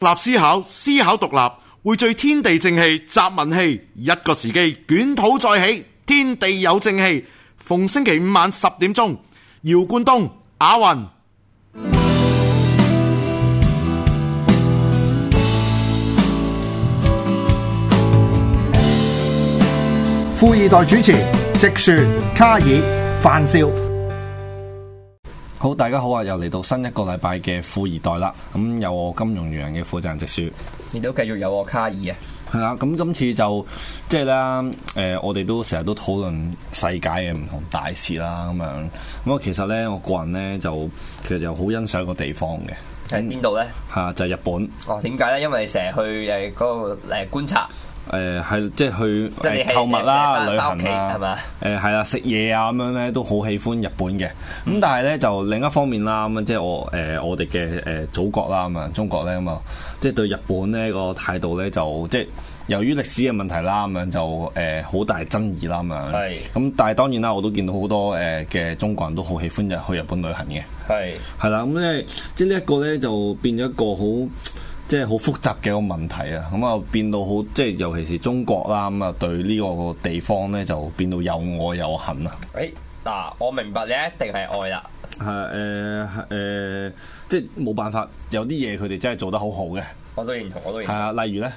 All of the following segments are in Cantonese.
獨立思考，思考獨立，匯聚天地正氣，集民氣，一個時機，捲土再起，天地有正氣。逢星期五晚十點鐘，姚冠東、阿云，富二代主持，直樹、卡爾范少。好，大家好啊！又嚟到新一個禮拜嘅富易袋啦。咁、嗯、有我金融員嘅負責人直樹，亦都繼續有我卡爾啊。係啊、嗯，咁今次就即係咧，誒、呃，我哋都成日都討論世界嘅唔同大事啦。咁樣，咁啊，其實咧，我個人咧就其實就好欣賞一個地方嘅。喺邊度咧？吓、嗯，就係、是、日本。哦，點解咧？因為成日去誒嗰個誒觀察。誒係、呃、即係去、去購物啦、啊、旅行啦、啊，誒係啦，食嘢、呃、啊咁樣咧都好喜歡日本嘅。咁但係咧就另一方面啦咁，即係我誒、呃、我哋嘅誒祖國啦咁樣，中國咧咁啊，即係對日本咧個態度咧就即係由於歷史嘅問題啦咁樣就誒好、呃、大爭議啦咁樣。係。咁但係當然啦，我都見到好多誒嘅中國人都好喜歡去日本旅行嘅。係，係。係、嗯、啦，咁咧即係呢一個咧就變咗一個好。即係好複雜嘅一個問題啊，咁啊變到好，即係尤其是中國啦，咁啊對呢個地方咧就變到又愛又恨啊。誒，嗱，我明白你一定係愛啦。係誒誒，即係冇辦法，有啲嘢佢哋真係做得好好嘅。我都認同，我都認同。係啊，例如咧，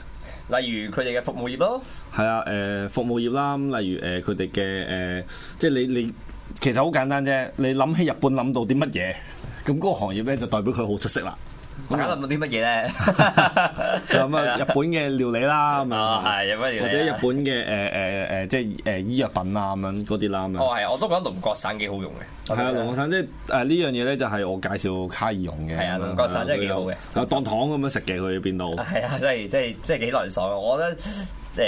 例如佢哋嘅服務業咯。係啊，誒、呃、服務業啦，咁例如誒佢哋嘅誒，即係你你其實好簡單啫，你諗起日本諗到啲乜嘢，咁、那、嗰個行業咧就代表佢好出色啦。諗到啲乜嘢咧，咁啊 日本嘅料理啦，日本理或者日本嘅誒誒誒，即係誒醫藥品啊咁樣嗰啲啦。哦，係，我都覺得龍角散幾好用嘅。係、嗯、啊，龍角散即係誒呢樣嘢咧，就係我介紹卡爾用嘅。係啊，龍角散真係幾好嘅，當糖咁樣食嘅，去邊度？係啊，即係即係即係幾涼爽，我覺得。即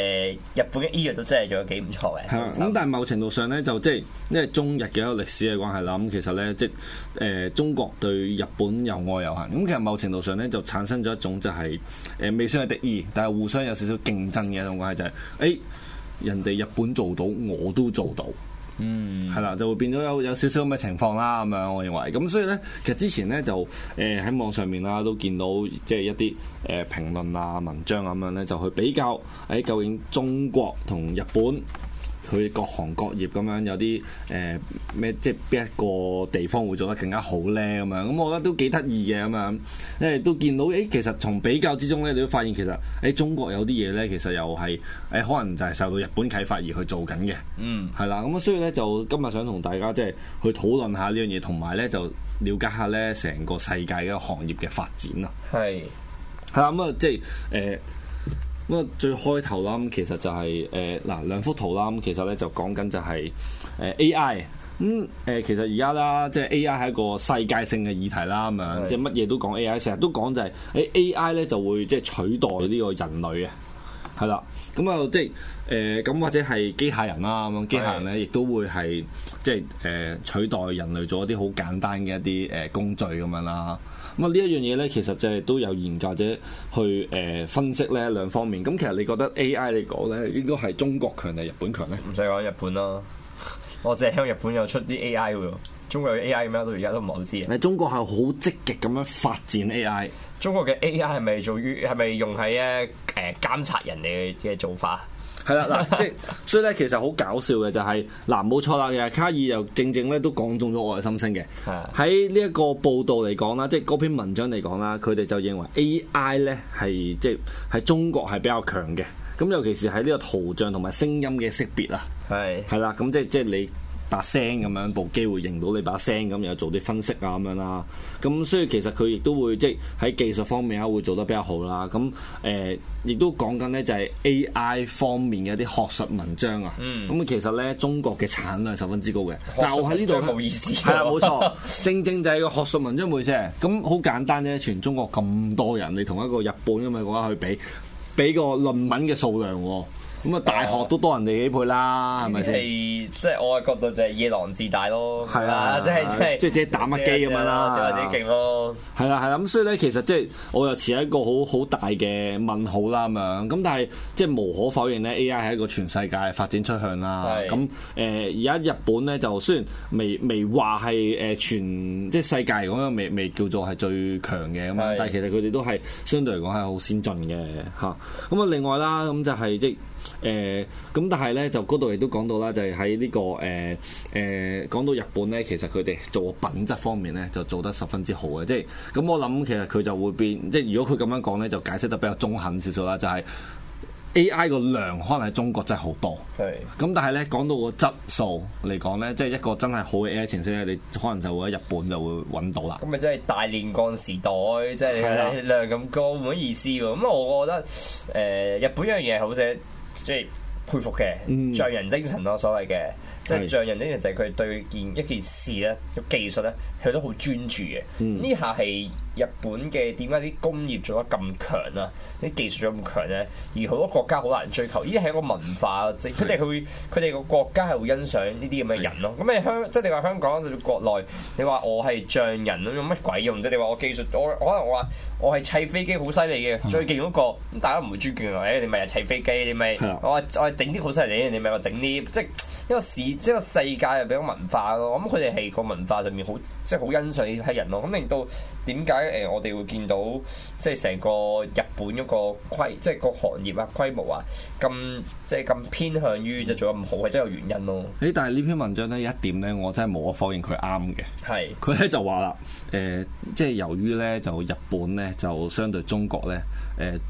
日本嘅醫藥都真係做得幾唔錯嘅。係。咁但係某程度上咧，就即係因為中日嘅一個歷史嘅關係啦。咁其實咧，即係、呃、中國對日本又愛又恨。咁其實某程度上咧，就產生咗一種就係、是、誒、呃、未算係敵意，但係互相有少少競爭嘅一種關係就係、是、A、欸、人哋日本做到，我都做到。嗯，係啦， 就會變咗有有少少咁嘅情況啦，咁樣，我認為。咁所以呢，其實之前呢，就誒喺網上面啦，都見到即係一啲誒評論啊、文章咁樣呢，就去比較，誒究竟中國同日本，佢各行各業咁樣有啲誒咩，即係邊一個地方會做得更加好咧咁樣？咁我覺得都幾得意嘅咁樣，因為、欸、都見到誒、欸，其實從比較之中咧，你都發現其實喺、欸、中國有啲嘢咧，其實又係誒、欸，可能就係受到日本啟發而去做緊嘅。嗯，係啦，咁、呃、啊，所以咧就今日想同大家即係去討論下呢樣嘢，同埋咧就了解下咧成個世界嘅行業嘅發展啦。係，係啦，咁啊，即係誒。咁啊，最開頭啦，咁其實就係誒嗱兩幅圖啦，咁其實咧就講緊就係誒 AI，咁、嗯、誒、呃、其實而家啦，即係 AI 係一個世界性嘅議題啦，咁樣是的 即係乜嘢都講 AI，成日都講就係、是、誒、欸、AI 咧就會即係取代呢個人類啊，係啦，咁啊即係誒咁或者係機械人啦，咁樣機械人咧亦都會係即係誒、呃、取代人類做一啲好簡單嘅一啲誒工序咁樣啦。咁啊呢一樣嘢咧，其實就係都有研究者去誒分析咧兩方面。咁其實你覺得 A I 嚟講咧，應該係中國強定日本強咧？唔使講日本啦，我凈係聽日本有出啲 A I 喎，中國有 A I 咩？到而家都唔好知。你中國係好積極咁樣發展 A I，中國嘅 A I 係咪做於係咪用喺誒監察人哋嘅做法？係 啦，嗱，即係，所以咧，其實好搞笑嘅就係，嗱，冇錯啦，其實卡爾又正正咧都講中咗我嘅心聲嘅。喺呢一個報道嚟講啦，即係嗰篇文章嚟講啦，佢哋就認為 A I 咧係即係喺中國係比較強嘅，咁尤其是喺呢個圖像同埋聲音嘅識別啦，係，係 啦，咁即係即係你。把聲咁樣，部機會認到你把聲咁，又做啲分析啊咁樣啦。咁所以其實佢亦都會即係喺技術方面啊，會做得比較好啦。咁誒，亦、呃、都講緊咧就係、是、AI 方面嘅一啲學術文章啊。嗯。咁其實咧中國嘅產量十分之高嘅。但我喺呢度冇意思。係啊，冇錯。正正就係個學術文章冇錯。咁好簡單啫，全中國咁多人，你同一個日本咁嘅國家去比，比個論文嘅數量喎。咁啊，大學都多人哋幾倍啦，係咪先？即係我嘅角度就係夜郎自大咯，係啊，即係即係即係自己打乜機咁樣啦，即係自己勁咯。係啦，係啦，咁所以咧，其實即係我又持一個好好大嘅問號啦，咁樣。咁但係即係無可否認咧，AI 係一個全世界嘅發展趨向啦。咁誒而家日本咧就雖然未未話係誒全即係世界嚟講，未未叫做係最強嘅咁啊，但係其實佢哋都係相對嚟講係好先進嘅嚇。咁啊，另外啦，咁就係即係。誒，咁、呃、但係咧就嗰度亦都講到啦，就係喺呢個誒誒講到日本咧，其實佢哋做品質方面咧就做得十分之好嘅，即係咁我諗其實佢就會變，即係如果佢咁樣講咧，就解釋得比較中肯少少啦，就係、是、A I 個量可能喺中國真係好多，係咁是的 但係咧講到個質素嚟講咧，即係一個真係好嘅 A I 程式咧，你可能就會喺日本就會揾到啦。咁咪真係大煉鋼時代，即、就、係、是、量咁高，唔好是的 意思喎。咁我我覺得誒、呃，日本一樣嘢好正。即係佩服嘅，嗯、匠人精神咯，所謂嘅。即係匠人，呢人就係佢對件一件事咧，個技術咧，佢都好專注嘅。呢下係日本嘅點解啲工業做得咁強啊？啲技術咁強咧，而好多國家好難追求。呢啲係一個文化，佢哋佢佢哋個國家係會欣賞呢啲咁嘅人咯。咁你香，即係你話香港甚至國內，你話我係匠人咁有乜鬼用啫？你話我技術，我可能我話我係砌飛機好犀利嘅，最勁嗰個，大家唔會尊敬我。誒，你咪又砌飛機，你咪、嗯、我我整啲好犀利，你咪我整啲即係。即因個市，一個世界入邊嘅文化咯，咁佢哋係個文化上面好，即係好欣賞呢批人咯，咁令到點解誒我哋會見到？即係成個日本嗰個規，即係個行業啊規模啊，咁即係咁偏向於就做得唔好，嘅都有原因咯。誒，但係呢篇文章咧有一點咧，我真係冇可否認佢啱嘅。係佢咧就話啦，誒、呃，即係由於咧就日本咧就相對中國咧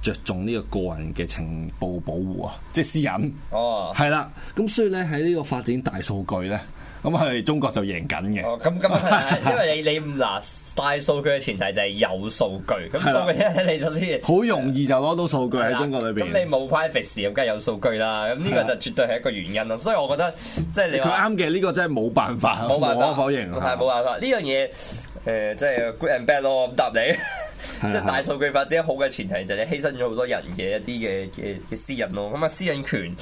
誒著重呢個個人嘅情報保護啊，即係私隱哦，係啦。咁所以咧喺呢個發展大數據咧。咁佢中國就贏緊嘅。哦，咁咁因為你你唔嗱大數據嘅前提就係有數據，咁所以你首先好容易就攞到數據喺了中國裏邊。咁你冇 privacy 咁梗係有數據啦。咁呢個就絕對係一個原因咯。所以我覺得即係、就是、你佢啱嘅，呢、這個真係冇辦法，冇辦法，否認。係冇辦法呢樣嘢，誒、呃，即、就、係、是、good and bad 咯。咁答你，即 係大數據發展好嘅前提就係你犧牲咗好多人嘅一啲嘅嘅嘅私隱咯。咁啊，私隱權。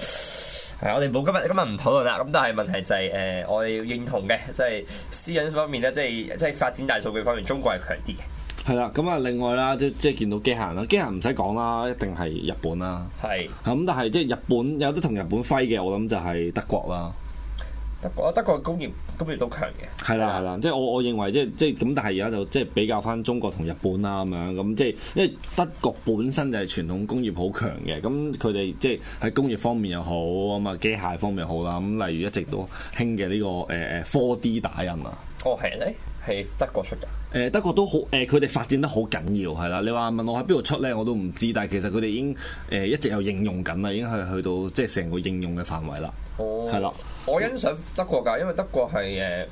係，我哋冇今日，今日唔討論啦。咁但係問題就係、是，誒、呃，我哋要認同嘅，即係私隱方面咧，即係即係發展大數據方面，中國係強啲嘅。係啦，咁啊，另外啦，即即係見到機械人啦，機械唔使講啦，一定係日本啦。係是。咁但係即係日本有得同日本揮嘅，我諗就係德國啦。德國德國工業工業都強嘅，係啦係啦，即係我我認為即係即係咁，但係而家就即係比較翻中國同日本啦咁樣咁，即係因為德國本身就係傳統工業好強嘅，咁佢哋即係喺工業方面又好啊嘛，機械方面好啦，咁例如一直都興嘅呢個誒誒 4D 打印啊，哦係咧。係德國出嘅，誒德國都好，誒佢哋發展得好緊要，係啦。你話問我喺邊度出咧，我都唔知。但係其實佢哋已經誒、呃、一直有應用緊啦，已經係去到即係成個應用嘅範圍啦。係啦、哦，的我欣賞德國㗎，因為德國係誒。嗯嗯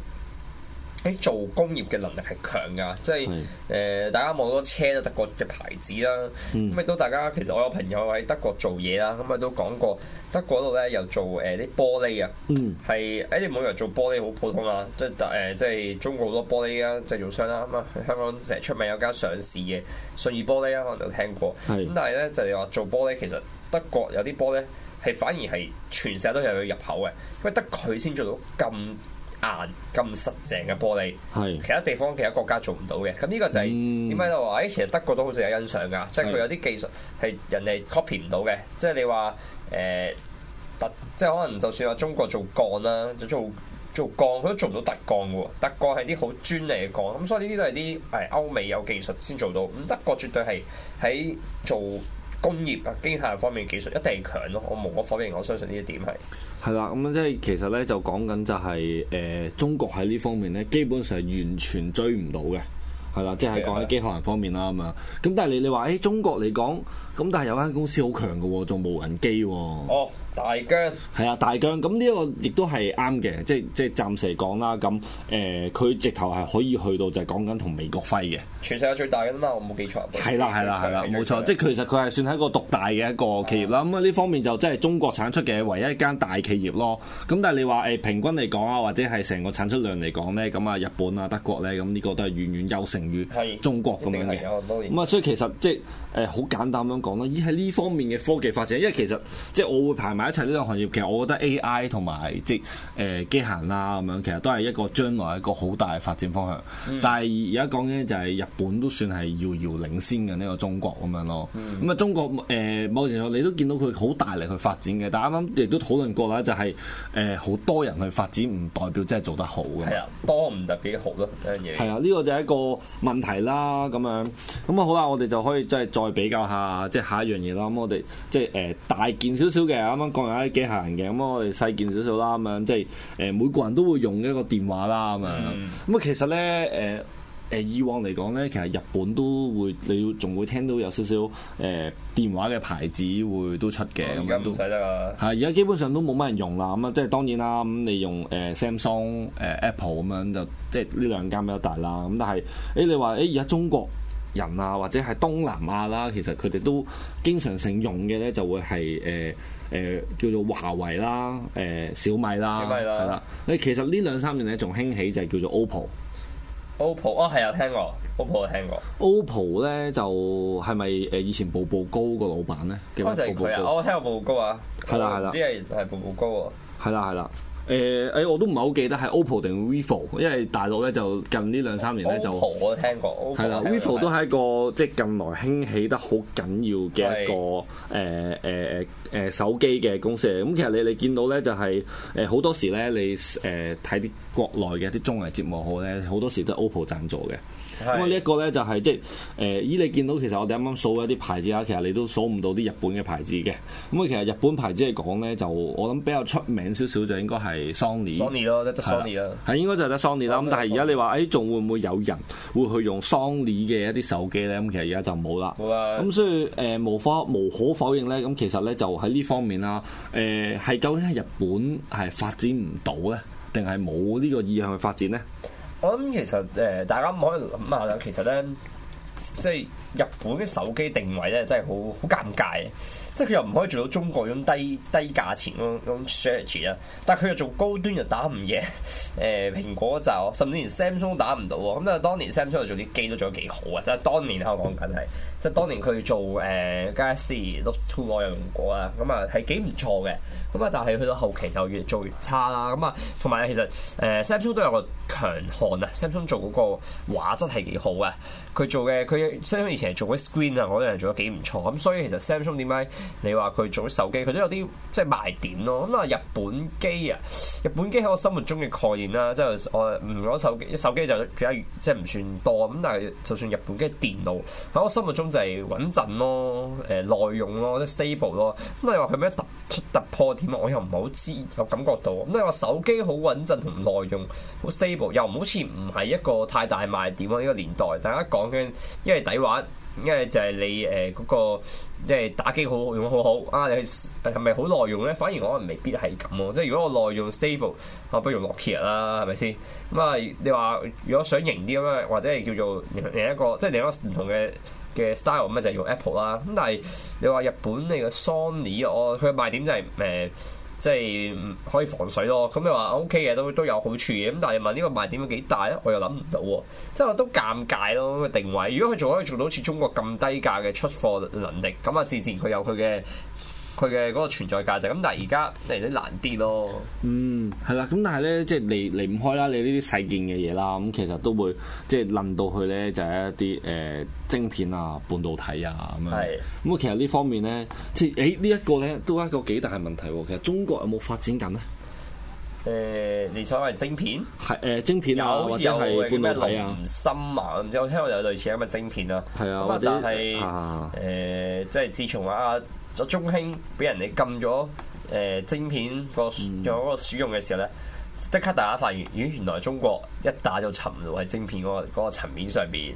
喺做工業嘅能力係強㗎，即係誒是、呃、大家望到車都德國嘅牌子啦，咁咪、嗯、都大家其實我有朋友喺德國做嘢啦，咁咪都講過德國度咧又做誒啲玻璃啊，係喺、嗯哎、你冇人做玻璃好普通啊，即係誒、呃、即係中國好多玻璃啊製造商啦，咁、嗯、啊香港成日出名有間上市嘅信義玻璃啦，可能都聽過，咁是但係咧就係、是、話做玻璃其實德國有啲玻璃係反而係全世界都有入口嘅，因為得佢先做到咁。硬咁實淨嘅玻璃，是其他地方其他國家做唔到嘅，咁呢個就係點解我話，誒、嗯，其實德國都好似有欣賞㗎是，即係佢有啲技術係人哋 copy 唔到嘅，即係你話誒特，即係可能就算話中國做鋼啦、啊，就做做鋼，佢都做唔到特鋼嘅喎，特鋼係啲好專利嘅鋼，咁所以呢啲都係啲誒歐美有技術先做到，咁德國絕對係喺做。工業啊，機械人方面技術一定係強咯，我無可否認，我相信呢一點係係啦。咁即係其實咧，就講緊就係誒中國喺呢方面咧，基本上係完全追唔到嘅，係啦。即係講喺機械人方面啦，咁樣，咁但係你你話誒中國嚟講，咁但係有間公司好強嘅喎，做無人機喎。哦大疆，係啊，大疆咁呢個亦都係啱嘅，即係即係暫時嚟講啦。咁誒，佢、呃、直頭係可以去到就係講緊同美國揮嘅，全世界最大噶啦嘛，我冇記錯。係啦係啦係啦，冇錯的，錯的即係其實佢係算係一個獨大嘅一個企業啦。咁啊呢方面就即係中國產出嘅唯一一間大企業咯。咁但係你話誒平均嚟講啊，或者係成個產出量嚟講咧，咁啊日本啊德國咧，咁呢個都係遠遠優勝於中國咁的樣嘅。咁啊所以其實即係。誒好、呃、簡單咁樣講啦，而喺呢方面嘅科技發展，因為其實即係我會排埋一齊呢個行業，其實我覺得 AI 同埋即係誒、呃、機械啦咁樣，其實都係一個將來一個好大嘅發展方向。嗯、但係而家講咧，就係日本都算係遙遙領先嘅呢、呢個中國咁樣咯。咁啊、嗯嗯、中國誒、呃，某程度你都見到佢好大力去發展嘅。但係啱啱亦都討論過啦，就係誒好多人去發展唔代表真係做得好嘅。係啊，多唔特別好咯，呢嘢係啊，呢、呢個就係一個問題啦。咁樣咁啊，好啦，我哋就可以即係我哋比較下，即係下一樣嘢啦。咁、嗯、我哋即係誒、呃、大件少少嘅，啱啱講完啲機械人嘅。咁、嗯、我哋細件少少啦，咁、嗯、樣即係誒、呃、每個人都會用一個電話啦。咁、嗯、啊，咁啊、嗯，其實咧誒誒以往嚟講咧，其實日本都會你仲會聽到有少少誒、呃、電話嘅牌子會都出嘅。咁而家唔使得啊！係，而家基本上都冇乜人用啦。咁、嗯、啊，即係當然啦。咁、嗯、你用誒 Samsung、誒、呃呃、Apple 咁樣就即係呢兩間比較大啦。咁但係誒、欸、你話誒而家中國。人啊，或者係東南亞啦，其實佢哋都經常性用嘅咧，就會係誒誒叫做華為啦、誒、呃、小米啦，係啦。誒其實呢兩三年咧仲興起就係叫做 OPPO。OPPO 哦，係啊，聽過 OPPO，我聽過。OPPO 咧就係咪誒以前步步高個老闆咧？我成佢啊，步步我聽過步步高啊，係啦係啦，只係係步步高啊，係啦係啦。誒，哎、欸，我都唔係好記得係 OPPO 定 VIVO，因為大陸咧就近呢兩三年咧 PP 就我都聽過，係啦，VIVO 都係一個即係對近來興起得好緊要嘅一個誒誒誒誒手機嘅公司嚟。咁、嗯、其實你哋見到咧就係誒好多時咧你誒睇啲，呃國內嘅一啲綜藝節目好咧，好多時都係 OPPO 贊助嘅。咁啊是的，呢一個咧就係、是、即係誒，依、呃、你見到其實我哋啱啱數一啲牌子啦，其實你都數唔到啲日本嘅牌子嘅。咁、嗯、啊，其實日本牌子嚟講咧，就我諗比較出名少少就應該係 Sony。Sony 咯，Sony 咯。係應該就係得 Sony 啦。咁但係而家你話誒，仲、哎、會唔會有人會去用 Sony 嘅一啲手機咧？咁其實而家就冇啦。咁好的、嗯、所以誒、呃，無可無可否，否認咧，咁其實咧就喺呢方面啊，誒、呃、係究竟係日本係發展唔到咧？定係冇呢個意向去發展咧？我諗其實誒、呃，大家唔可以諗下，其實咧，即係日本嘅手機定位咧，真係好好尷尬。即係佢又唔可以做到中國咁低低價錢嗰種 strategy 但係佢又做高端又打唔贏。誒、呃，蘋果就，甚至連 Samsung 打唔到喎。咁啊，當年 Samsung 做啲機都做得幾好啊！即係當年香港梗係。即係當年佢做誒、呃、Galaxy Note two 我又用過啦，咁啊係幾唔錯嘅，咁啊但係去到後期就越做越差啦，咁啊同埋其實誒、呃、Samsung 都有個強項啊，Samsung 做嗰個畫質係幾好啊，佢做嘅佢 Samsung 以前係做嗰 screen 啊，我覺得係做得幾唔錯，咁所以其實 Samsung 點解你話佢做啲手機，佢都有啲即係賣點咯，咁啊日本機啊，日本機喺我心目中嘅概念啦，即係我唔攞手機，手機就比較即係唔算多，咁但係就算日本機、電腦，喺我心目中，就係穩陣咯，誒、呃、耐用咯，即 stable 咯。咁你話佢咩突突破點啊？我又唔係好知，我感覺到。咁你話手機好穩陣同耐用好 stable，又唔好似唔係一個太大賣點啊？呢、這個年代大家講緊，因為底玩，因為就係你誒嗰、呃那個即係打機好用好好啊！你係咪好耐用咧？反而我未必係咁咯。即係如果我耐用 stable，我不如落劇啦，係咪先？咁、嗯、啊，你話如果想型啲咁樣，或者係叫做另一個，即係另一個唔同嘅。嘅 style 咁就用 Apple 啦，咁但係你話日本你個 Sony 哦，佢賣點就係誒，即、呃、係可以防水咯。咁你話 OK 嘅都都有好處嘅，咁但係問呢個賣點幾大咧，我又諗唔到喎，即係我都尷尬咯。定位如果佢仲可以做到好似中國咁低價嘅出貨能力，咁啊自然佢有佢嘅。佢嘅嗰個存在價值咁，但係而家嚟得難啲咯。嗯，係啦。咁但係咧，即係離離唔開啦。你呢啲細件嘅嘢啦，咁其實都會即係令到佢咧，就係、是、一啲誒、呃、晶片啊、半導體啊咁樣。係。咁啊，其實呢方面咧，即係誒呢一個咧，都係一個幾大問題喎。其實中國有冇發展緊咧？誒、呃，你所謂晶片係誒、呃、晶片啊，有有或者係咩唔深啊？有聽過有類似咁嘅晶片啊？係啊，或者係誒，即、呃、係、呃、自從啊。就中興俾人哋禁咗誒芯片，個仲有個使用嘅時候咧，即、嗯、刻大家發現咦，原來中國一打就沉落喺芯片個個層面上邊。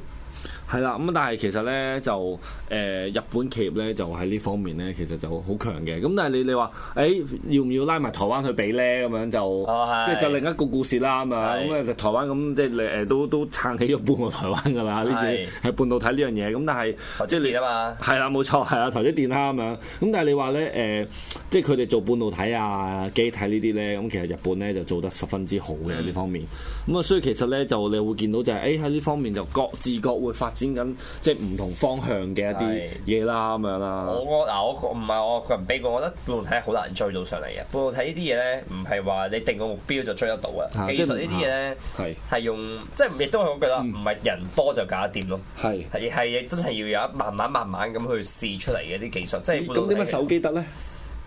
係啦，咁但係其實咧就誒日本企業咧就喺呢方面咧其實就好強嘅，咁但係你你話誒要唔要拉埋台灣去比咧咁樣就，oh, yes. 即係就另一個故事啦咁嘛，咁啊 Yes. 台灣咁即係誒都都撐起咗半個台灣噶啦，呢啲係半導體呢樣嘢，咁但係台積電啊嘛，係啦冇錯，係啦台積電啦咁樣，咁但係你話咧誒即係佢哋做半導體啊、機體呢啲咧，咁其實日本咧就做得十分之好嘅呢、mm. 方面，咁啊所以其實咧就你會見到就係誒喺呢方面就各自各會發展。剪緊即係唔同方向嘅一啲嘢啦，咁是樣啦我。我嗱我唔係我個人比較，我覺得半導體好難追到上嚟嘅。半導體呢啲嘢咧，唔係話你定個目標就追得到嘅。啊、技術呢啲嘢咧，係用、啊、是即係亦都係我覺得唔係人多就搞掂咯。係係係真係要有一慢慢慢慢咁去試出嚟嘅啲技術。即係咁點解手機得咧？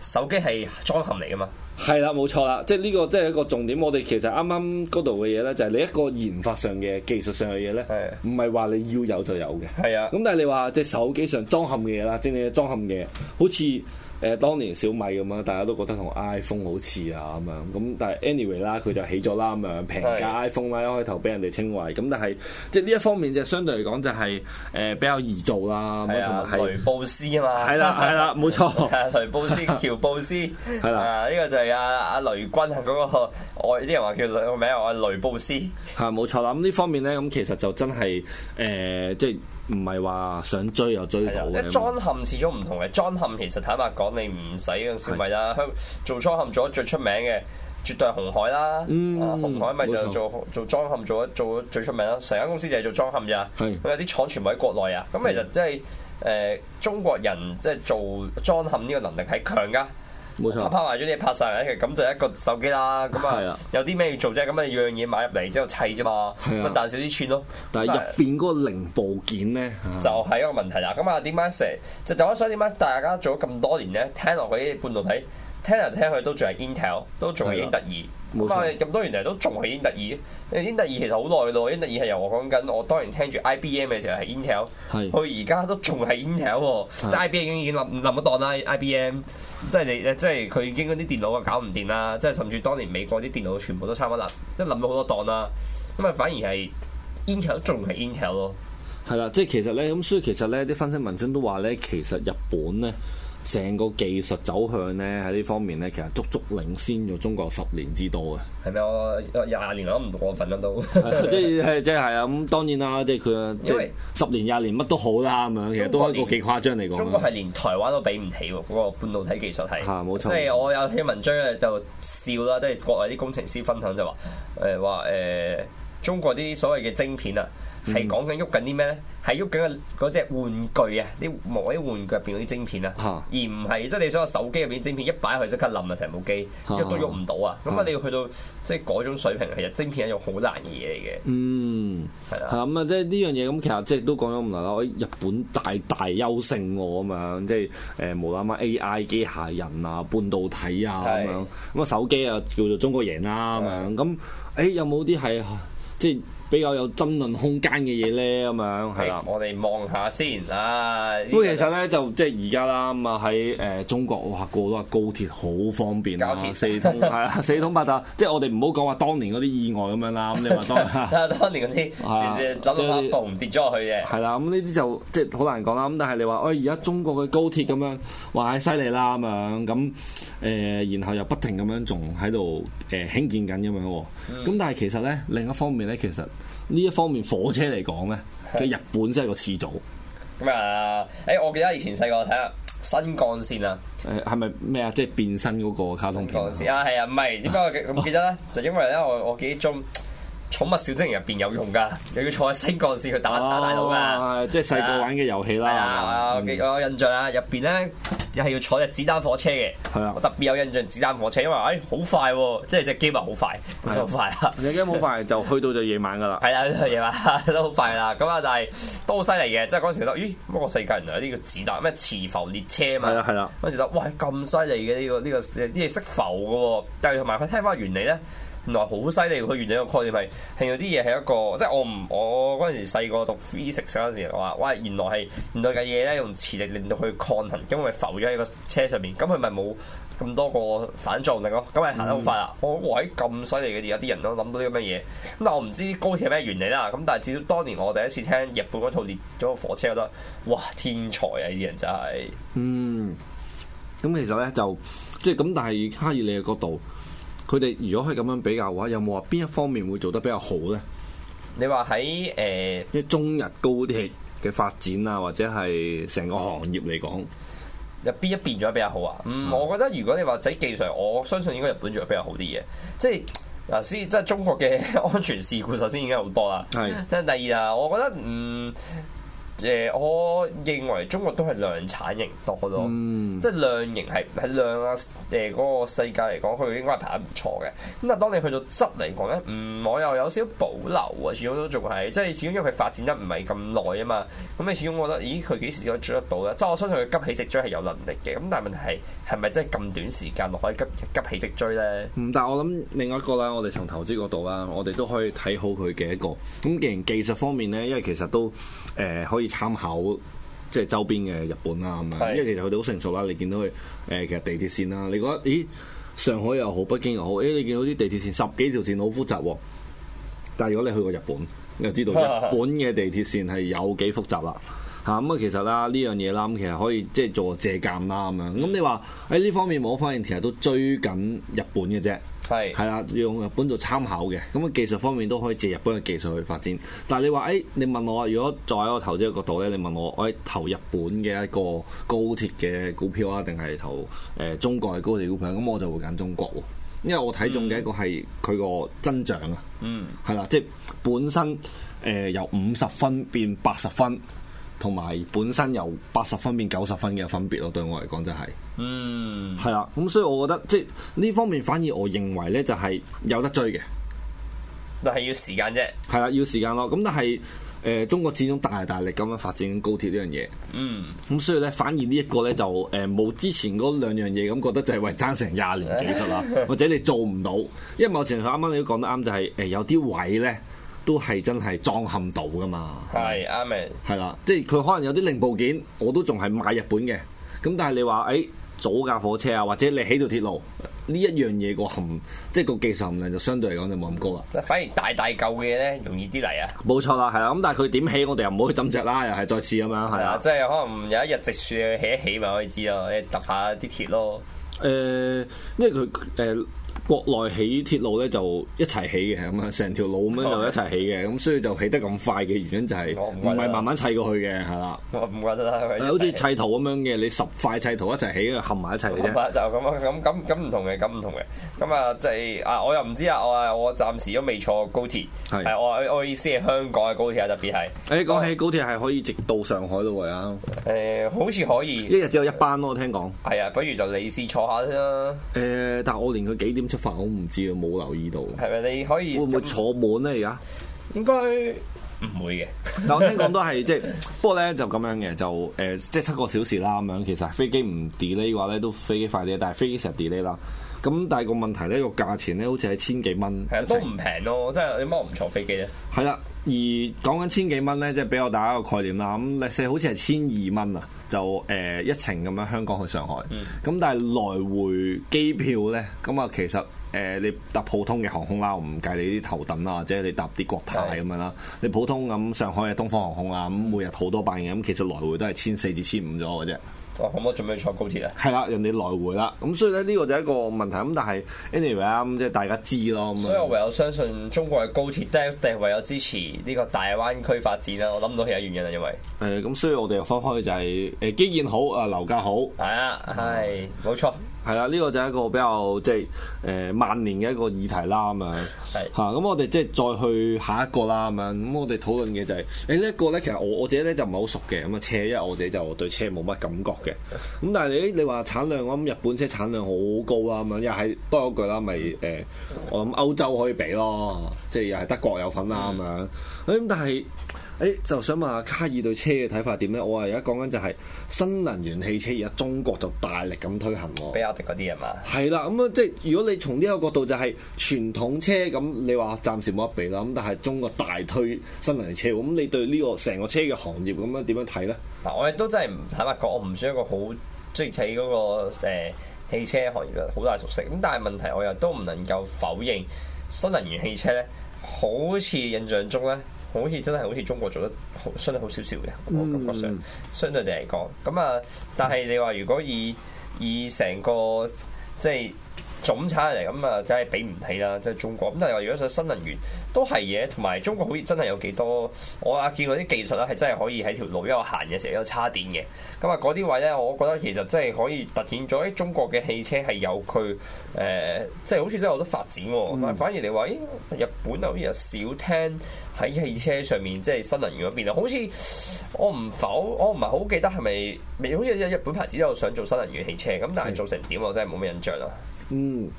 手機係裝嵌嚟噶嘛？係啦，冇錯啦，即係呢個即係一個重點。我哋其實啱啱嗰度嘅嘢咧，就係、係、你一個研發上嘅技術上嘅嘢咧，唔係話你要有就有嘅。係啊的，咁但係你話隻手機上裝嵌嘅嘢啦，即係你裝嵌嘅嘢，好似。誒，當年小米咁樣，大家都覺得同 iPhone 好似啊咁樣。咁但係 Anyway 啦，佢就起咗啦咁樣，平價 iPhone 啦，是的 一開頭俾人哋稱為。咁但係，即係呢一方面就相對嚟講就係誒比較易做啦。係啊的，雷布斯啊嘛。係啦，係啦，冇錯。雷布斯、 喬布斯，係啦。呢個就係阿阿雷軍，係嗰個我啲人話叫個名，我係雷布斯。係冇錯啦。咁呢方面咧，咁其實就真係誒、呃，即係。唔係話想追又追到。裝嵌 始終唔同嘅，裝嵌其實坦白講，你唔使咁少咪啦。香做裝嵌做得最出名嘅，絕對係紅海啦、嗯啊。紅海咪就做沒錯 做裝嵌做得做最出名啦，成間公司就係做裝嵌咋。佢有啲廠全部喺國內啊，咁其實即係誒中國人即係做裝嵌呢個能力係強噶。冇錯，拍拍埋咗啲嘢拍晒。其實咁就一個手機啦。咁啊，有啲咩要做啫？咁啊，樣樣嘢買入嚟之後砌啫嘛，咁咪賺少啲錢咯。但係入邊嗰個零部件咧，就係一個問題啦。咁啊，點解成？就大家想點解大家做咗咁多年咧，聽落去啲半導體，聽嚟聽去都仲係 Intel，都仲係英特爾。冇錯。咁多年嚟都仲係英特爾。英特爾其實好耐咯，英特爾係由我講緊。我當年聽住 IBM 嘅時候係 Intel，係。佢而家都仲係 Intel 喎，即係 IBM 已經冧冧咗檔啦。IBM。即係你咧，即係佢已經嗰啲電腦啊搞唔掂啦！即係甚至當年美國啲電腦全部都差唔多啦，即係冧到好多檔啦。咁啊反而係 Intel 仲係 Intel 咯。係啦，即係其實咧，咁所以其實咧啲分析文章都話咧，其實日本咧。成個技術走向咧，喺呢方面咧，其實足足領先咗中國十年之多嘅。係咪我廿年都唔過分啦， 都即係即係係啊！咁當然啦，即係佢。因為即十年廿年乜都好啦，咁樣其實都係一個幾誇張嚟講。中國係連台灣都比唔起喎，嗰個半導體技術係。冇錯。即係我有睇文章啊，就笑啦，即係國內啲工程師分享就話誒話誒，中國啲所謂嘅晶片啊。係講緊喐緊啲咩咧？係喐緊嗰隻玩具，玩具啊，啲某啲玩具入邊嗰啲晶片啊，而唔係即係你想話手機入邊啲晶片一擺去，即刻冧啊，成部機，因為都喐唔到啊。咁啊，你要去到即係嗰種水平，其實晶片係一種好難嘅嘢嚟嘅。嗯，係啦。咁啊，即係呢樣嘢咁，其實即係都講咗咁耐啦。我日本大大，大優勝我咁樣，即係誒無啦啦 AI 機械人啊、半導體啊咁是樣，咁啊手機啊叫做中國贏啦咁樣。咁誒是、嗯欸、有冇啲係即係？即比較有爭論空間嘅嘢咧，咁樣係啦。我哋望下先啊。不 過其實咧，就即係而家啦。咁啊喺誒中國哇，過到話高鐵好方便，鐵四通係啊，四通八達。 即係我哋唔好講話當年嗰啲意外咁樣啦。咁你話當啊當年嗰啲直接走咗一步，跌咗落去嘅。係啦。咁呢啲就即係好難講啦。咁但係你話，哎而家中國嘅高鐵咁樣哇，犀利啦咁樣咁誒、呃，然後又不停咁樣仲喺度誒興建緊咁樣喎。咁 但係其實咧，另一方面咧，其實呢一方面火車嚟講咧，佢日本真係個始祖。咁啊，誒、欸，我記得以前細個睇下新幹線啊，係咪咩啊？即係變身嗰個卡通片線啊？係啊，唔係、啊，點解我唔記得啦，啊、就因為咧，我我幾中。寵物小精靈入邊有用噶又要坐喺升降士去打打大佬噶即係細個玩嘅遊戲啦。係啦，我有印象啊，入邊咧又係要坐隻子彈火車嘅。係啦，我特別有印象子彈火車，因為誒好快，即係隻 game 好快，好快啊！你一好快就去到就夜晚噶啦。係啦，都夜晚都好快啦。咁啊，但係都好犀利嘅，即係嗰時得咦？不過世界原來有呢個子彈咩？磁浮列車啊嘛。係啦，嗰時得哇，咁犀利嘅，呢個呢個呢嘢識浮噶但係同埋佢聽翻原理咧。原來好犀利，佢原來一個概念係，係有啲嘢係一個，即係我唔，我嗰陣時細個讀 physics 嗰陣時，我話：哇，原來係原來嘅嘢咧，用磁力令到佢抗衡，咁咪浮咗喺個車上面，咁佢咪冇咁多個反作用力咯，咁咪行得好快啊！嗯、我鬼咁犀利嘅，而家啲人都諗到啲乜嘢？咁但我唔知高鐵咩原理啦，咁但係至少當年我第一次聽日本嗰套列咗個火車，覺得哇，天才啊！啲人真係，嗯，咁其實咧就即係咁，但係卡爾你嘅角度。佢哋如果可以咁樣比較嘅話，有冇話邊一方面會做得比較好咧？你話喺誒即係中日高鐵嘅發展啊，或者係成個行業嚟講，有邊一邊做得比較好啊？嗯，我覺得如果你話喺技術，我相信應該日本做比較好啲嘅。即係嗱先，即係中國嘅 安全事故，首先已經好多啦。係是，即係第二啊，我覺得嗯。誒，我認為中國都係量產型多咯，嗯、即係量型係喺量啊誒嗰、欸那個世界嚟講，佢應該係排得唔錯嘅。咁啊，當你去到質嚟講咧，唔、嗯，我又有少少保留啊，始終都仲係即係始終因為佢發展得唔係咁耐啊嘛，咁你始終覺得咦佢幾時可以追得到咧？即係我相信佢急起直追係有能力嘅，咁但係問題係係咪真係咁短時間落去急急起直追咧？但係我諗另外一個啦，我哋從投資嗰度啦，我哋都可以睇好佢嘅一個。咁既然技術方面咧，因為其實都誒、呃、可以。參考即係周邊嘅日本啦，咁樣是？因為其實佢哋好成熟啦。你見到佢誒，其實地鐵線啦，你覺得咦？上海又好，北京又好，誒，你見到啲地鐵線十幾條線好複雜，哦，但係如果你去過日本，你就知道日本嘅地鐵線係有幾複雜啦。 嗱咁啊！其實啦，呢樣嘢啦，咁其實可以即係做借鑑啦，咁樣咁你話喺呢方面，我發現其實都追緊日本嘅啫，係係啦，用日本做參考嘅咁啊，技術方面都可以借日本嘅技術去發展。但係你話誒、哎，你問我，如果再喺我投資嘅角度咧，你問我，我喺投日本嘅一個高鐵嘅股票啊，定係投誒中國嘅高鐵股票？咁、呃、我就會揀中國喎，因為我睇中嘅一個係佢個增長啊，嗯，係啦，即係本身誒、呃、由五十分變八十分。同埋本身由八十分變九十分嘅分別咯，對我嚟講就係、是，嗯，係啦，咁所以我覺得即係呢方面反而我認為呢就係有得追嘅，但係要時間啫，係啦，要時間咯。咁但係誒、呃，中國始終大大力咁樣發展緊高鐵呢樣嘢，嗯，咁、嗯、所以呢，反而呢一個呢就誒冇、呃、之前嗰兩樣嘢咁覺得就係、是、喂爭成廿年幾十啦， 或者你做唔到，因為某程度啱啱你都講得啱，就係、是、誒有啲位呢。都係真係裝嵌到噶嘛？係阿明係啦，即係佢可能有啲零部件，我都仲係買日本嘅。咁但係你話，誒、欸、早架火車啊，或者你起到鐵路呢一樣嘢個含，即係個技術含量就相對嚟講就冇咁高啦。就反而大大嚿嘅嘢咧，容易啲嚟啊！冇錯啦，係啦。咁但係佢點起，我哋又唔好去斟酌啦。又係再次咁樣係啦。即係可能有一日直樹起得起咪可以知咯？你揼下啲鐵咯。誒、呃，因為佢誒。呃呃國內起鐵路咧就一齊起嘅，咁啊成條路咁樣就一齊起嘅，咁所以就起得咁快嘅原因就係唔係慢慢砌過去嘅，係啦，唔怪得啦，好似砌圖咁樣嘅，你十塊砌圖一齊起合埋一齊就咁啊，咁咁咁唔同嘅，咁唔同嘅，咁啊即係啊我又唔知啊，我啊我暫時都未坐高鐵，係，我我意思係香港嘅高鐵啊，特別係，誒，講起高鐵係可以直到上海咯喎啊，誒、嗯欸、好似可以，一日只有一班咯，的聽講說，係啊，不如就你試坐下先啦，誒，但係我連佢幾點出？我唔知啊，冇留意到。係咪你可以會唔會坐滿咧？而家應該唔會嘅。但我聽講都係即係，即係、 不過咧就咁樣嘅就誒，即、呃、係、即係、七個小時啦。咁樣其實飛機唔 delay 嘅話咧，都飛機快啲。但係飛機成日 delay 啦。咁但係個問題咧，個價錢咧好似係千幾蚊。係啊，都唔平咯，即係你摸唔坐飛機咧。係啦，而講緊千幾蚊咧，即係俾我大家一個概念啦。咁、嗯、四好似係千二蚊啊，就誒一程咁樣香港去上海。咁、嗯、但係來回機票咧，咁啊其實誒、呃、你搭普通嘅航空啦，我唔計你啲頭等啦，或者你搭啲國泰咁樣啦。是的 你普通咁、嗯、上海嘅東方航空啊，咁每日好多班嘅，咁其實來回都係千四至千五咗嘅啫。1, 哦，咁我準備坐高鐵啊！係啦，人哋來回啦，咁所以咧呢個就係一個問題咁，但係 anyway 啊，咁即係大家知咯。所以我唯有相信中國嘅高鐵，都係為咗支持呢個大灣區發展啦。我諗唔到其他原因啊，因為誒、嗯，咁所以我哋又分開就係誒基建好啊，樓價好係啊，係冇錯。係啦，呢、這個就係一個比較即係誒、呃、萬年嘅一個議題啦，咁樣。係嚇是，咁、嗯、我哋即係再去下一個啦，咁樣。咁我哋討論嘅就係、是、誒、欸這個、呢一個咧，其實我我自己咧就唔係好熟嘅咁嘅車，因為我自己就對車冇乜感覺嘅。咁但係你你話產量我諗，日本車產量好高啊，咁樣又係多一句啦，咪、呃、誒我諗歐洲可以比咯，即係又係德國有份啦，咁樣是。咁、嗯、但係。誒、哎、就想問下卡爾對車嘅睇法點咧？我係而家講緊就係新能源汽車而家中國就大力咁推行喎。比亞迪嗰啲啊嘛。係、嗯、啦，咁樣即係如果你從呢個角度就係傳統車咁，你話暫時冇得比啦。咁但係中國大推新能源車，咁、嗯、你對呢個成個車嘅行業咁、嗯、樣點樣睇咧？嗱，我亦都真係坦白講，我唔算一個好即係喺嗰個、呃、汽車行業嘅好大熟悉。咁但係問題我又都唔能夠否認新能源汽車咧，好似印象中咧。好似真係好似中國做得好相對好少少嘅，我感覺上相對地嚟講，咁啊，但係你話如果以以成個即係總差嚟，咁啊梗係比唔起啦，即係中國。咁但係話如果想新能源都係嘅，同埋中國好似真係有幾多，我啊見過啲技術咧係真係可以喺條路一路行嘅成日有差電嘅。咁啊嗰啲位咧，我覺得其實真係可以突顯咗，喺中國嘅汽車係有佢誒，即係好似都有好多發展喎。反，mm hmm. 反而你話咦？日本好似又少聽。喺汽車上面，即係新能源嗰邊啊，好似我唔否，我唔係好記得係咪，好似日本牌子都有想做新能源汽車，咁但係做成點，是我真係冇咩印象咯。嗯，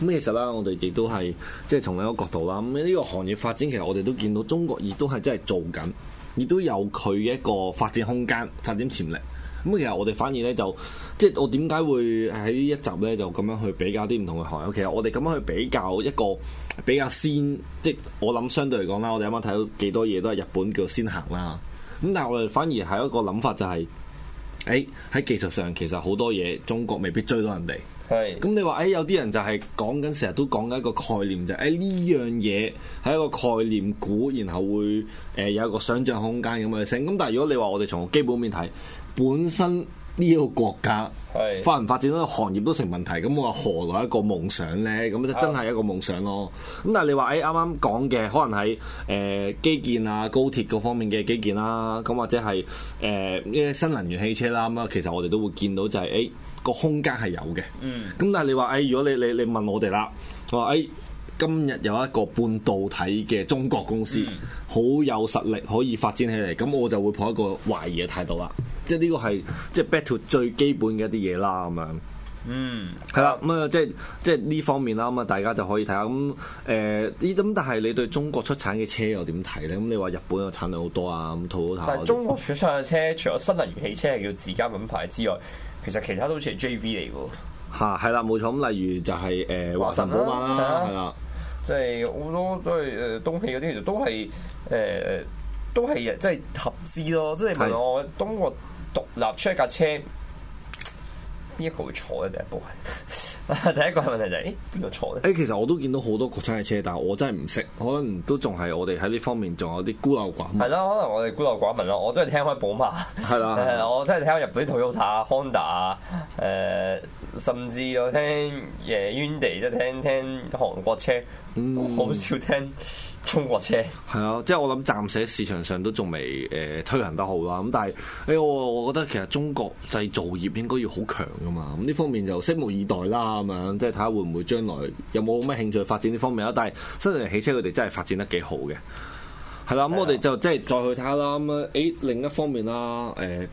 咁其實啦，我哋亦都係即係從另一個角度啦，咁、這、呢個行業發展其實我哋都見到中國亦都係真係做緊，亦都有佢嘅一個發展空間、發展潛力。咁其實我哋反而咧就即係我點解會喺呢一集咧就咁樣去比較啲唔同嘅行業？其實我哋咁樣去比較一個比較先，即係我諗相對嚟講啦，我哋啱啱睇到幾多嘢都係日本叫先行啦。咁但係我哋反而係一個諗法就係、是，誒、欸、喺技術上其實好多嘢中國未必追到人哋。係咁是，嗯、你話誒、欸、有啲人就係講緊成日都講緊一個概念就係誒呢樣嘢係一個概念股，然後會誒、呃、有一個想象空間咁樣嘅升。咁但係如果你話我哋從基本面睇。本身呢個國家是發唔發展到行業都成問題，咁我話何來一個夢想呢？咁就真係一個夢想咯。咁但係你話誒，啱啱講嘅可能係誒、呃、基建啊、高鐵嗰方面嘅基建啦，咁或者係誒啲新能源汽車啦，咁啊，其實我哋都會見到就係、是、誒、欸、個空間係有嘅。嗯。咁但係你話誒、欸，如果你你，你問我哋啦，我話誒今日有一個半導體嘅中國公司、嗯、好有實力可以發展起嚟，咁我就會抱一個懷疑嘅態度啦。即係呢個係即係 back to 最基本嘅一啲嘢啦，咁樣，嗯，係啦了，咁啊、嗯，即係即係呢方面啦，咁啊，大家就可以睇下咁誒呢？咁、嗯呃、但係你對中國出產嘅車又點睇咧？咁、嗯、你話日本嘅產量好多啊，咁吐吐睇。但係中國出產嘅車，嗯、除咗新能源汽車係叫自家品牌之外，其實其他都好似係 JV 嚟㗎。吓、啊，係啦，冇錯。咁例如就係、是、誒、呃、華晨寶馬啦，係啦、啊了呃呃，即係好多都係誒東汽嗰啲，其實都係誒都係即係合資咯。即係問我中國。對 獨立出一架車，邊一個會坐咧？第一步係？ 第一個係問題就係、是，咦、欸，邊個坐咧？誒、欸，其實我都見到好多國產嘅車，但係我真係唔識，可能都仲係我哋喺呢方面仲有啲孤陋寡聞。係咯，可能我哋孤陋寡聞咯，我都係聽開寶馬。係啦的、 呃，我都係聽開日本 Toyota、Honda，誒、呃，甚至我聽誒 Hyundai 即係聽聽韓國車都好少聽。嗯 中國車係 啊，即係我諗暫時喺市場上都仲未誒、呃、推行得好啦。咁但係誒、欸，我我覺得其實中國製造業應該要好強噶嘛。咁呢方面就拭目以待啦。咁樣即係睇下會唔會將來有冇咩興趣發展呢方面啦。但係新能源汽車佢哋真係發展得幾好嘅。係啦，咁我哋就即係再去睇下啦。咁、欸、誒，另一方面啦、誒、欸，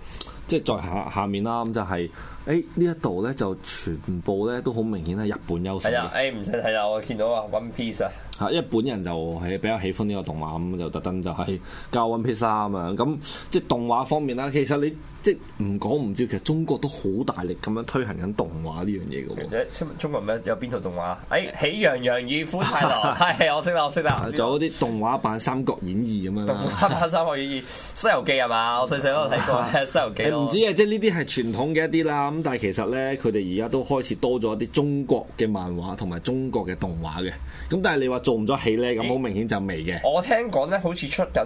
即係再下下面啦，咁、嗯、就係、是、誒、欸、呢一度咧就全部咧都好明顯係日本優勢。哎，唔使睇啦，我見到啊，One Piece 啊。嚇，因為本人就係比較喜歡呢個動畫，咁就特登就係、是、教 One Piece 三啊，咁即係動畫方面啦、啊。其實你～即唔講唔知，其實中國都好大力咁樣推行緊動畫呢樣嘢嘅。中中國有咩邊套動畫？誒、欸，《喜羊羊與灰太狼》係我識啦，我識啦。仲有啲動畫版《三國演義》咁樣啦。動畫版《三國演義》《西遊記》係嘛？我細細都睇過《西遊記》。唔知啊，即係呢啲係傳統嘅一啲啦。咁但係其實咧，佢哋而家都開始多咗一啲中國嘅漫畫同埋中國嘅動畫嘅。咁但係你話做唔咗戲咧，咁好明顯就未嘅、嗯。我聽講咧，好似出緊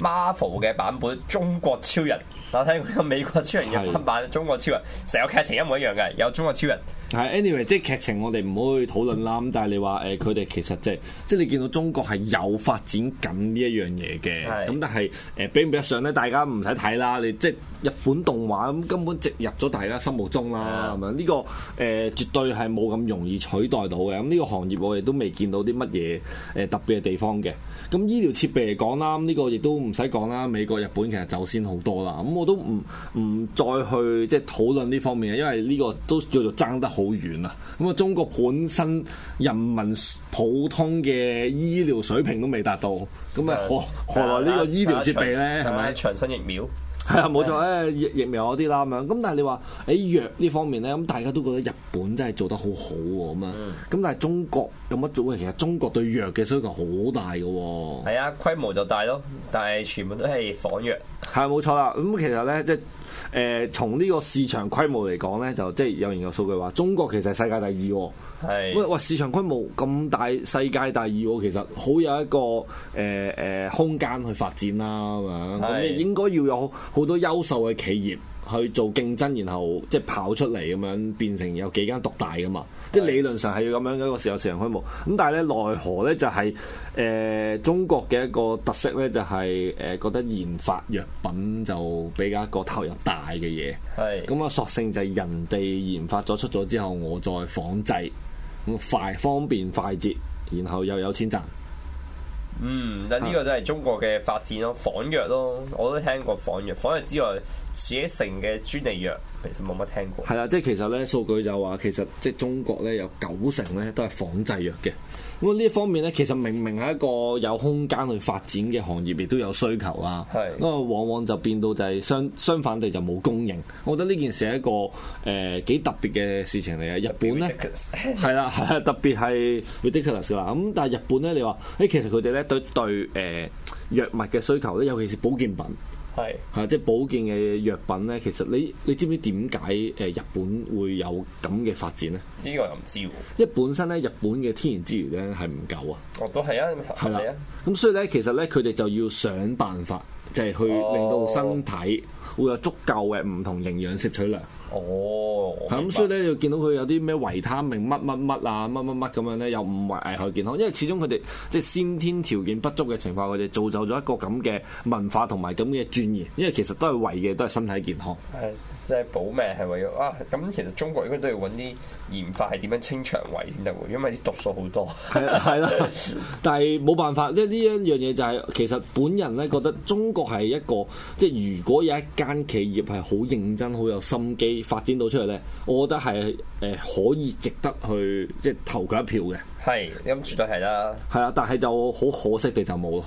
Marvel 嘅版本《中國超人》。但我睇嗰個美國超人嘅翻版，中國超人成個劇情一模一樣嘅，有中國超人。係，anyway，即係劇情我哋唔好去討論啦。咁、嗯、但係你話誒，佢哋其實即係即係你見到中國係有發展緊的呢一樣嘢嘅。咁但係誒，比唔比得上咧？大家唔使睇啦。你即係日本動畫咁根本植入咗大家心目中啦。咁啊呢個誒、呃、絕對係冇咁容易取代到嘅。咁、這、呢個行業我哋都未見到啲乜嘢誒特別嘅地方嘅。咁醫療設備嚟講啦，呢、這個亦都唔使講啦。美國、日本其實走先好多啦。咁我都唔唔再去即係討論呢方面啊，因為呢個都叫做爭得好遠啊。咁、嗯、啊，中國本身人民普通嘅醫療水平都未達到，咁、嗯、啊、嗯、何何來呢個醫療設備咧？係咪長？係咪長生疫苗。係啊，冇錯咧、欸，疫苗嗰啲啦咁樣。咁但係你話喺、欸、藥呢方面咧，咁大家都覺得日本真係做得好好、啊、喎，咁樣、嗯。咁但係中國有乜做啊？其實中國對藥嘅需求好大嘅喎。係啊，規模就大咯，但係全部都係仿藥、嗯。係冇錯啦。咁其實咧，即係。誒，從呢、呃、個市場規模嚟講呢，就即係有研究數據話，中國其實係世界第二。係喂是的、呃、市場規模咁大，世界第二，其實好有一個誒誒、呃呃、空間去發展啦。咁啊是的，應該要有好多優秀嘅企業。去做競爭，然後即係跑出嚟咁樣變成有幾間獨大噶嘛，是的 即係理論上係要咁樣一個自由市場規模咁，但係咧奈何咧就係、是、誒、呃、中國嘅一個特色咧，就係、是、誒、呃、覺得研發藥品就比較一個投入大嘅嘢，係咁啊，索性就係人哋研發咗出咗之後，我再仿製，咁快方便快捷，然後又有錢賺。嗯，但呢個就係中國嘅發展咯，仿藥咯，我都聽過仿藥。仿藥之外，自己成嘅專利藥其實冇乜聽過。係啦，即係其實咧，數據就話其實即係中國咧有九成咧都係仿製藥嘅。咁啊呢一方面咧，其實明明係一個有空間去發展嘅行業，亦都有需求啊。咁啊，往往就變到就係相相反地就冇供應。我覺得呢件事係一個誒、呃、幾特別嘅事情嚟嘅。日本咧係啦，係 特別係 ridiculous 嘅啦。咁但係日本咧，你話誒，其實佢哋咧對對誒、呃、藥物嘅需求咧，尤其是保健品。係，嚇！即係保健嘅藥品咧，其實你你知唔知點解誒日本會有咁嘅發展咧？呢個又唔知喎。因為本身咧日本嘅天然資源咧係唔夠啊。哦，都係啊，係啊。咁所以咧，其實咧佢哋就要想辦法，就係去令到身體會有足夠嘅唔同營養攝取量。哦，咁 所以咧就見到佢有啲咩維他命乜乜乜啊，乜乜乜咁樣咧，又唔係危害健康，因為始終佢哋即係先天條件不足嘅情況，佢哋造就咗一個咁嘅文化同埋咁嘅轉移，因為其實都係為嘅，都係身體健康，係即係保命係為咗啊。咁其實中國應該都要揾啲研發係點樣清腸胃先得喎，因為啲毒素好多。係啊，係啦，但係冇辦法，即係呢一樣嘢就係、是、其實本人咧覺得中國係一個即係如果有一間企業係好認真、好有心機，發展到出嚟呢，我覺得係誒、呃、可以值得去即係投佢一票嘅。係，咁絕對係啦。係啊，但係就好可惜地就冇咯。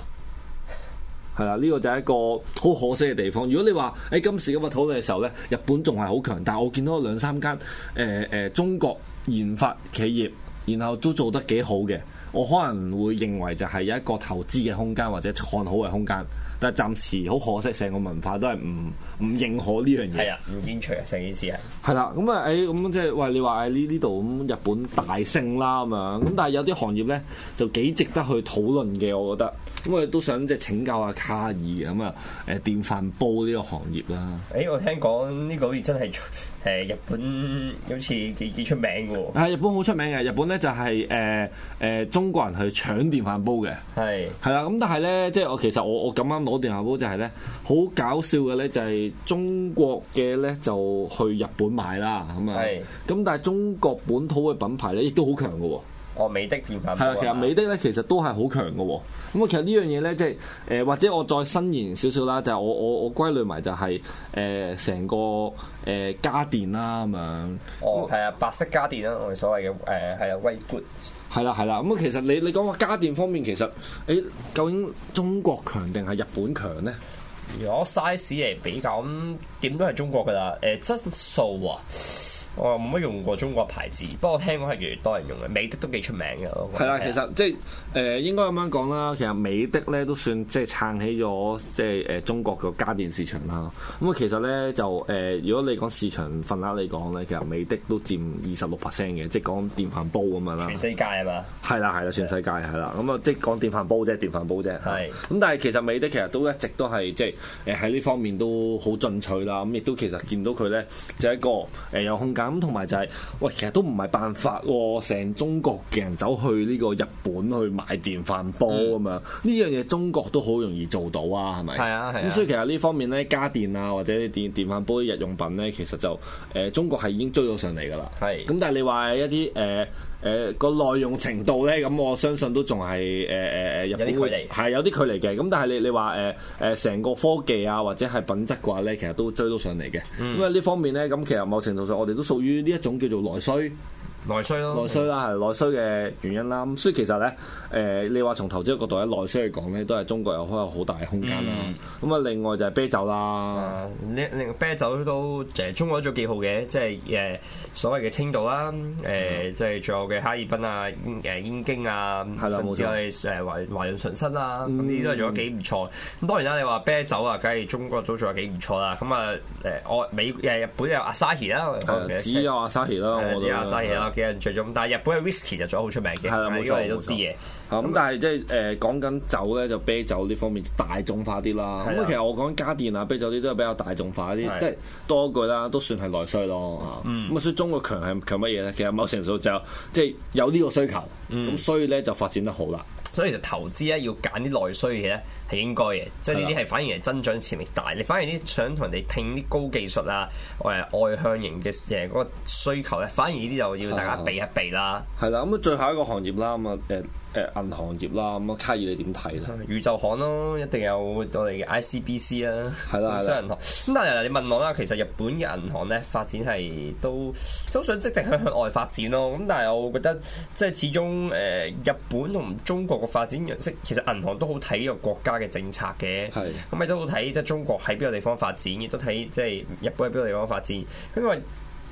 係啊，呢、這個就係一個好可惜嘅地方。如果你話喺、欸、今時今日討論嘅時候呢，日本仲係好強，但係我見到兩三間誒誒、呃、中國研發企業，然後都做得幾好嘅，我可能會認為就係有一個投資嘅空間或者看好嘅空間。但係暫時好可惜，成個文化都係唔唔認可呢樣嘢。係啊，唔堅持啊，成件事係。係啦，咁、嗯、啊，誒、哎，咁即係，喂，你話呢呢度咁日本大勝啦咁啊，咁、嗯、但係有啲行業咧就幾值得去討論嘅，我覺得。咁我哋都想即係請教下卡爾咁啊，誒、嗯、電飯煲呢個行業啦。誒、欸，我聽講呢個好似真係誒日本好似幾幾出名嘅喎。係日本好出名嘅，日本咧就係誒誒中國人去搶電飯煲嘅。係係啦，咁、嗯、但係咧，即係我其實我我咁啱我電飯煲就係、是、咧，好搞笑嘅，咧就係中國嘅咧就去日本買啦，咁啊是，咁但係中國本土嘅品牌咧亦都好強㗎喎。哦，美的電品牌、啊，其實美的咧其實都係好強㗎喎。咁啊，其實呢樣嘢咧即係誒，或者我再伸延少少啦，就係、是、我我我歸類埋就係、是、誒，成、呃、個誒、呃、家電啦咁樣。哦，係啊、嗯，白色家電啦，我哋所謂嘅誒係啊，White Goods。係啦，係啦，咁啊，其實你你講個家電方面，其實誒、欸、究竟中國強定係日本強咧？如果 size 嚟比較，點都係中國㗎啦，誒質素啊。我冇乜用過中國牌子，不過聽講係越嚟越多人用嘅美的都幾出名嘅。係啦，其實即係誒、呃、應該咁樣講啦，其實美的咧都算即係撐起咗即係誒、呃、中國個家電市場啦。咁啊、嗯，其實咧就誒、呃，如果你講市場份額嚟講咧，其實美的都佔二十六 percent 嘅，即係講電飯煲咁樣啦。全世界係嘛？係啦係啦，全世界係啦。咁啊，即係講電飯煲啫，電飯煲啫。係。咁、嗯、但係其實美的其實都一直都係即係誒喺呢方面都好進取啦。咁亦都其實見到佢咧就係一個誒有空間。咁同埋就係、是，喂，其實都唔係辦法喎，成中國嘅人走去呢個日本去買電飯煲咁、嗯、樣，呢樣嘢中國都好容易做到啊，係咪、嗯？係啊，咁、啊、所以其實呢方面咧，家電啊，或者電電飯煲啲日用品咧，其實就誒、呃、中國係已經追到上嚟㗎啦。係是，咁但係你話一啲誒。呃誒、呃，那個耐用程度咧，咁我相信都仲係誒誒誒入邊，係、呃、有啲距離嘅。咁但係你你話誒誒成個科技啊或者係品質嘅話咧，其實都追到上嚟嘅。嗯、因為呢方面咧，咁其實某程度上我哋都屬於呢一種叫做內需。內需咯，內需啦，係內需嘅原因啦。咁所以其實咧，誒你話從投資嘅角度喺內需嚟講咧，都係中國有開有好大嘅空間啦。咁啊，另外就係啤酒啦，你令啤酒都誒中國都做幾好嘅，即係誒所謂嘅青島啦，誒即係仲有嘅哈爾濱啊、誒燕京啊，甚至係誒華華潤純生啊，咁呢啲都係做咗幾唔錯。咁當然啦，你話啤酒啊，梗係中國都做咗幾唔錯啦。咁啊誒，我美誒日本有 Asahi 啦，只有 Asahi 啦，只有 Asahi 啦。其實除咗咁，但係日本嘅 whisky 就做得好出名嘅。係啦的，冇錯，都知嘅。咁、嗯、但係即係誒、呃、講緊酒咧，就啤酒呢方面大眾化啲啦。咁是的 其實我講家電啊、啤酒啲都係比較大眾化啲，是的 即係多一句啦，都算係內需咯。咁、嗯啊、所以中國強係強乜嘢咧？其實某程度就即係、就是、有呢個需求，咁、嗯、所以咧就發展得好啦。所以其實投資咧要揀啲內需嘅咧係應該嘅，即係呢啲係反而係增長潛力大，你反而啲想同人哋拼啲高技術啊，誒外向型嘅誒嗰個需求咧，反而呢啲就要大家避一避啦。係啦，咁、嗯、啊最後一個行業啦，咁啊誒。呃誒、呃、銀行業啦，咁啊卡爾你點睇啦？宇宙行咯，一定有我哋嘅 ICBC 啦、啊，民生銀行。咁但係你問我啦，其實日本嘅銀行咧發展係都都想積極去向外發展咯。咁但係我覺得即係始終誒、呃、日本同中國嘅發展樣式，其實銀行都好睇呢個國家嘅政策嘅。係咁亦都好睇即係中國喺邊個地方發展，亦都睇即係日本喺邊個地方發展。因為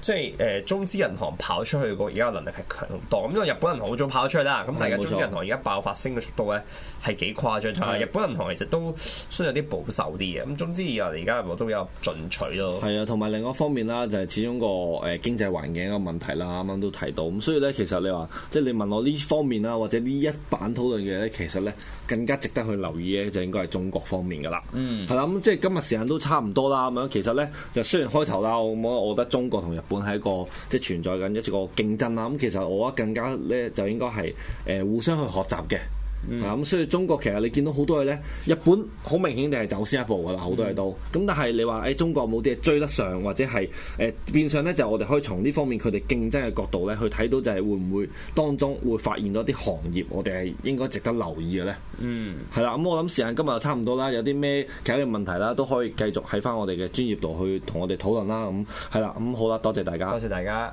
即係誒中資銀行跑出去個而家能力係強度，咁因為日本銀行好早跑出去啦，咁而家中資銀行而家爆發升嘅速度咧係幾誇張，同埋錯日本銀行其實都需有啲保守啲嘅，咁總之而家而家都比較進取咯。係啊，同埋另外一方面啦，就係、是、始終個誒經濟環境嘅問題啦，啱啱都提到，咁所以咧其實你話即係你問我呢方面啦，或者呢一版討論嘅咧，其實咧。更加值得去留意咧，就應該係中國方面噶啦。嗯，係啦，咁即係今日時間都差唔多啦。咁樣其實咧，就雖然開頭啦，我我覺得中國同日本係一個即係存在緊一個競爭啦。咁其實我覺得更加咧，就應該係誒互相去學習嘅。咁、嗯嗯，所以中國其實你見到好多嘢呢，日本好明顯地係走先一步噶啦，好多嘢都。咁但係你話誒、哎、中國冇啲嘢追得上，或者係誒、呃、變相呢，就係、我哋可以從呢方面佢哋競爭嘅角度呢去睇到就係會唔會當中會發現到一啲行業，我哋係應該值得留意嘅呢嗯？嗯，係啦，咁我諗時間今日就差唔多啦，有啲咩其他嘅問題啦，都可以繼續喺翻我哋嘅專業度去同我哋討論啦。咁係啦，咁、嗯、好啦，多謝大家，多謝大家。